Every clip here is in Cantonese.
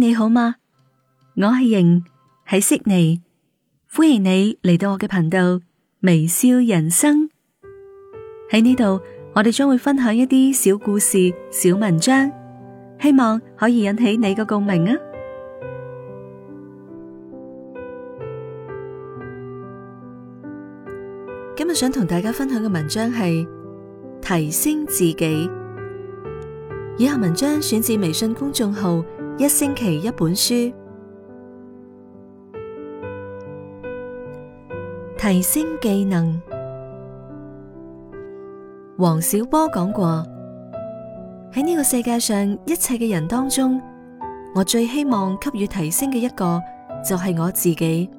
你好嗎？我係瑩，喺悉尼，歡迎你嚟到我嘅頻道微笑人生。喺呢度，我哋將會分享一啲小故事、小文章，希望可以引起你個共鳴啊！今日想同大家分享嘅文章係提升自己。以下文章選自微信公眾號。一星期一本書，提升技能。王小波講過：喺呢個世界上一切嘅人當中，我最希望給予提升嘅一個就係我自己。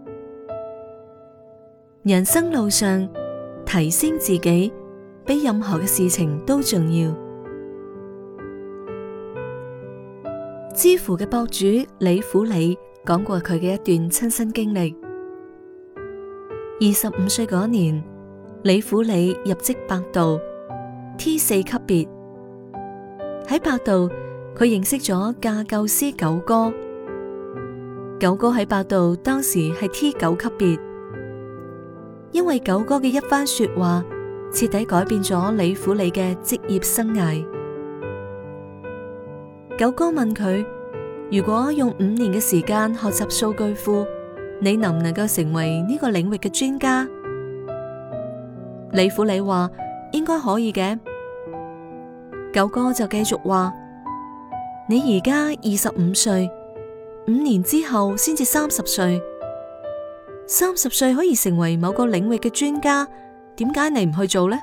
人生路上，提升自己比任何嘅事情都重要。知乎嘅博主李虎李講過佢嘅一段親身經歷。二十五歲嗰年，李虎李入職百度，T 四級別。喺百度，佢認識咗架構師九哥。九哥喺百度當時係 T 九級別，因為九哥嘅一番說話，徹底改變咗李虎李嘅職業生涯。九哥問佢：如果用五年嘅時間學習數據庫，你能唔能夠成為呢個領域嘅專家？李虎李話：應該可以嘅。九哥就繼續話：你而家二十五歲，五年之後先至三十歲，三十歲可以成為某個領域嘅專家，點解你唔去做呢？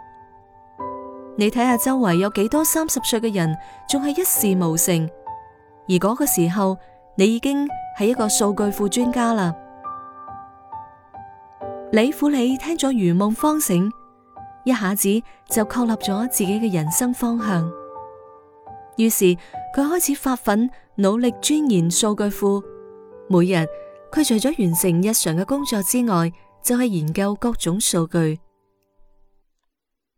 你睇下周圍有幾多三十歲嘅人仲係一事無成，而嗰個時候你已經係一個數據庫專家啦。 李虎李聽咗如夢方醒，一下子就確立咗自己嘅人生方向。於是佢開始發奮努力鑽研數據庫，每日佢除咗完成日常嘅工作之外，就係研究各種數據。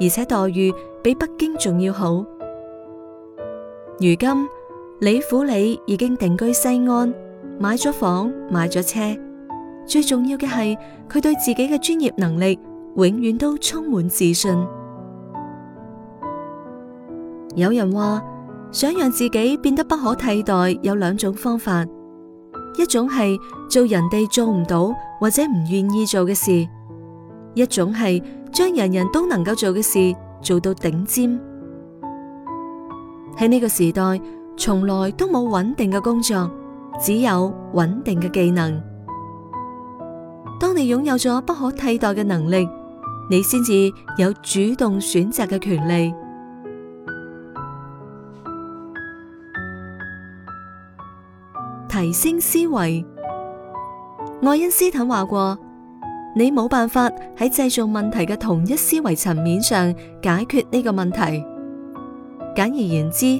而且待遇比北京仲要好。如今李虎李已經定居西安，買咗房，買咗車，最重要嘅係佢對自己嘅專業能力永遠都充滿自信。有人話，想讓自己變得不可替代，有兩種方法：一種係做人哋做唔到或者唔願意做嘅事；一種係。將人人都能夠做嘅事做到頂尖。喺呢個時代，從來都冇穩定嘅工作，只有穩定嘅技能。當你擁有咗不可替代嘅能力，你先至有主動選擇嘅權利。提升思維，愛因斯坦話過。你冇辦法喺製造問題嘅同一思維層面上解決呢個問題。簡而言之，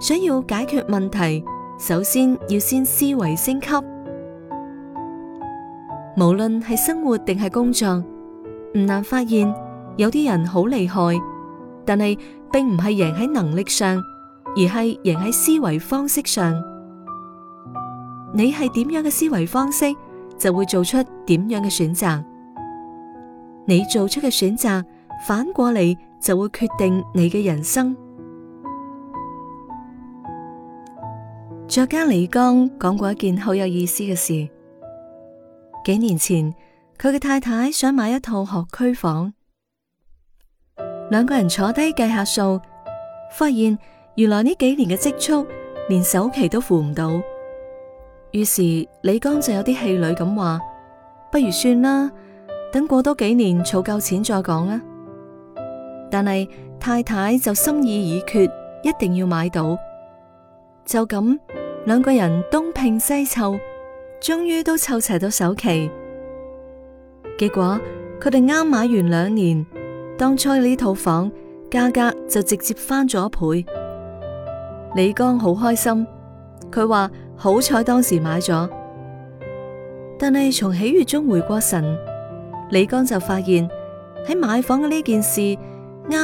想要解決問題，首先要先思維升級。無論係生活定係工作，唔難發現有啲人好厲害，但係並唔係贏喺能力上，而係贏喺思維方式上。你係點樣嘅思維方式？就會做出點樣嘅選擇，你做出嘅選擇，反過嚟就會決定你嘅人生。作 家李剛講過一件好有意思嘅事，幾年前佢嘅太太想買一套學區房，兩個人坐低計下數，發現原來呢幾年嘅積蓄連首期都付唔到。於是李剛就有啲氣餒咁話：「不如算啦，等過多幾年，儲夠錢再講啦。但係太太就心意已決，一定要買到。就咁兩個人東拼西湊，終於都湊齊到首期。結果佢哋啱買完兩年，當初呢套房價格就直接翻咗一倍。李剛好開心，佢話：好彩當時買咗，但係從喜悅中回過神，李剛就發現喺買房嘅呢件事啱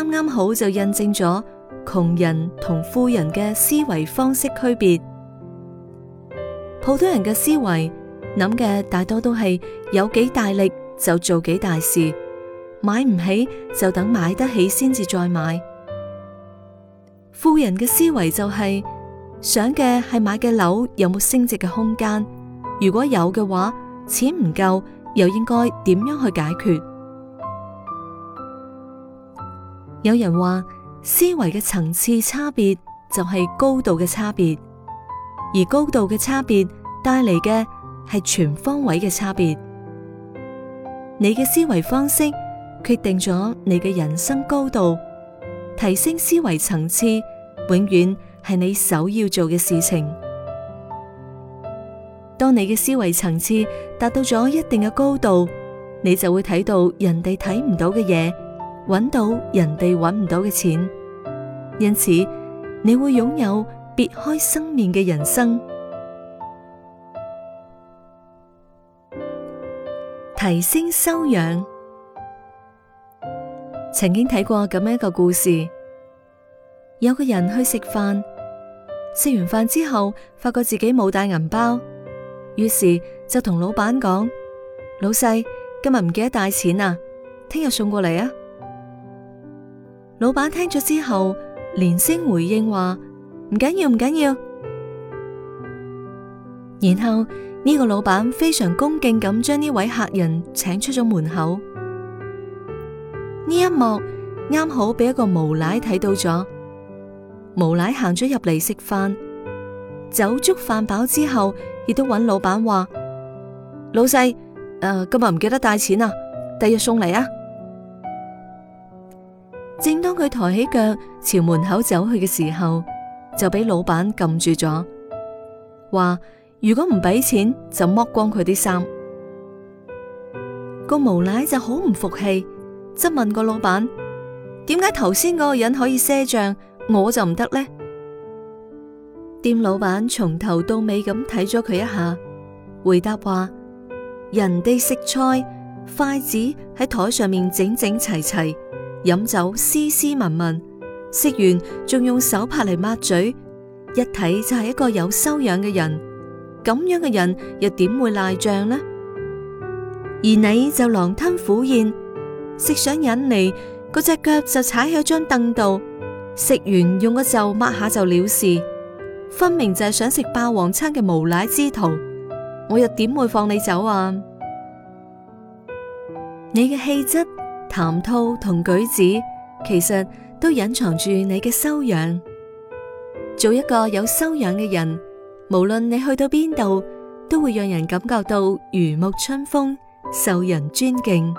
啱好就印證咗窮人同富人嘅思維方式區別。普通人嘅思維諗嘅大多都係有幾大力就做幾大事，買唔起就等買得起先至再買。富人嘅思維就係。想嘅係買嘅樓有冇升值嘅空間？如果有嘅話，錢唔夠又應該點樣去解決？有人話，思維嘅層次差別就係高度嘅差別，而高度嘅差別帶嚟嘅係全方位嘅差別。你嘅思維方式決定咗你嘅人生高度，提升思維層次，永遠。係你首要做嘅事情。當你嘅思維層次達到咗一定嘅高度，你就會睇到人哋睇唔到嘅嘢，揾到人哋揾唔到嘅錢。因此，你會擁有別開生面嘅人生。提升修養。曾經睇過咁樣一個故事，有個人去食飯。食完飯之後，發覺自己冇帶銀包，於是就同老闆講：老細今日唔記得帶錢啊，聽日送過嚟啊！老闆聽咗之後，連聲回應話：唔緊要，唔緊要。然後呢個老闆非常恭敬咁將呢位客人請出咗門口。呢一幕啱好俾一個無賴睇到咗。無賴行咗入嚟食飯，酒足飯飽之後，亦都揾老闆話，老細，誒，今日唔記得帶錢啊，第日送嚟啊。正當佢抬起腳朝門口走去嘅時候，就俾老闆撳住咗，話如果唔俾錢就剝光佢啲衫。個無賴就好唔服氣，質問個老闆點解頭先嗰個人可以賒賬？我就唔得呢？店老闆從頭到尾咁睇咗佢一下，回答話：人哋食菜筷子喺台上面整整齊齊，飲酒斯斯文文，食完仲用手帕嚟抹嘴，一睇就係一個有修養嘅人。咁樣嘅人又點會賴賬呢？而你就狼吞虎咽，食上癮嚟，嗰隻腳就踩喺張凳度。食完用個袖抹下就了事，分明就係想食霸王餐嘅無賴之徒，我又點會放你走啊？你嘅氣質、談吐同舉止，其實都隱藏住你嘅修養。做一個有修養嘅人，無論你去到邊度，都會讓人感覺到如沐春風，受人尊敬。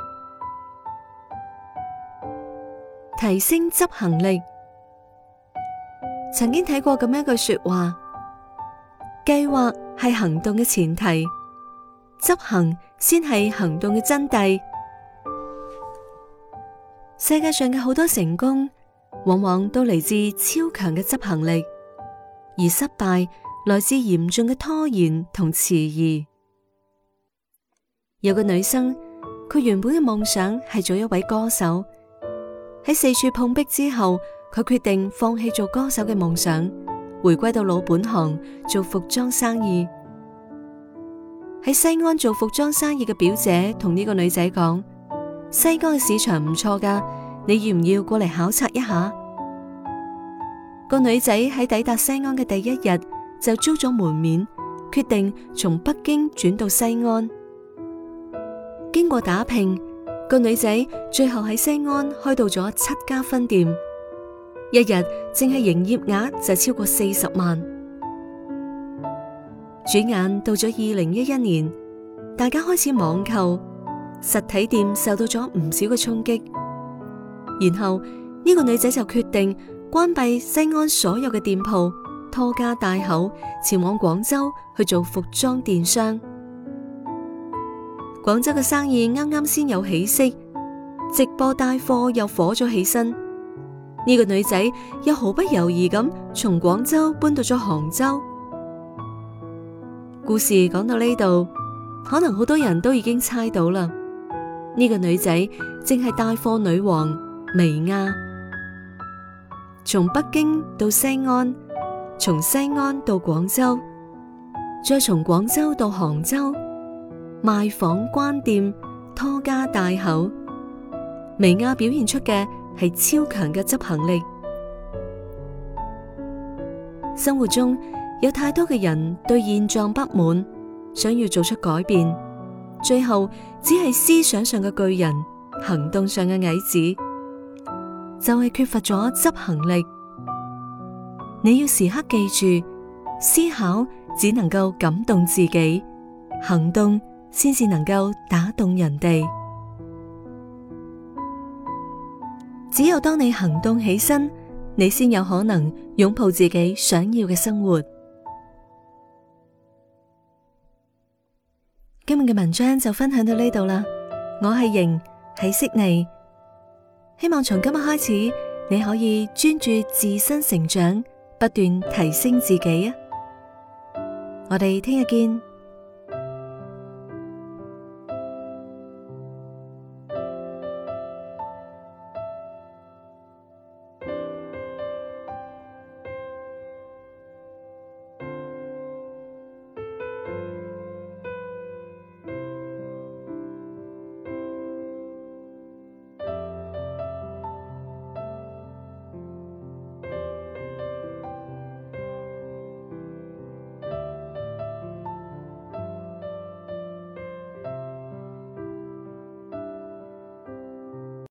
提升執行力。曾經睇過咁樣一句說話：計劃係行動嘅前提，執行先係行動嘅真諦。世界上嘅好多成功，往往都嚟自超強嘅執行力，而失敗來自嚴重嘅拖延同遲疑。有個女生，佢原本嘅夢想係做一位歌手，喺四處碰壁之後，佢決定放棄做歌手嘅夢想，回歸到老本行，做服裝生意。喺西安做服裝生意嘅表姐同呢個女仔講：西安嘅市場唔錯噶，你要唔要過嚟考察一下？個女仔喺抵達西安嘅第一日就租咗門面，決定從北京轉到西安。經過打拼，個女仔最後喺西安開到咗七家分店。一日淨係營業額就超過四十萬，轉眼到咗二零一一年，大家開始網購，實體店受到咗唔少嘅衝擊。然後呢個女仔就決定關閉西安所有嘅店鋪，拖家帶口前往廣州去做服裝電商。廣州嘅生意啱啱先有起色，直播帶貨又火咗起身。呢個女仔又毫不猶豫咁從廣州搬到咗杭州。故事講到呢度，可能好多人都已經猜到啦。呢個女仔正係帶貨女王薇婭。從北京到西安，從西安到廣州，再從廣州到杭州，賣房關店，拖家帶口，薇婭表現出嘅。係超強嘅執行力。生活中有太多嘅人對現狀不滿，想要做出改變，最後只係思想上嘅巨人，行動上嘅矮子，就係缺乏咗執行力。你要時刻記住，思考只能夠感動自己，行動先至能夠打動人哋。只有當你行動起身，你先有可能擁抱自己想要嘅生活。今日嘅文章就分享到呢度啦。我係瑩，喺悉尼，希望從今日開始你可以專注自身成長，不斷提升自己啊！我哋聽日見。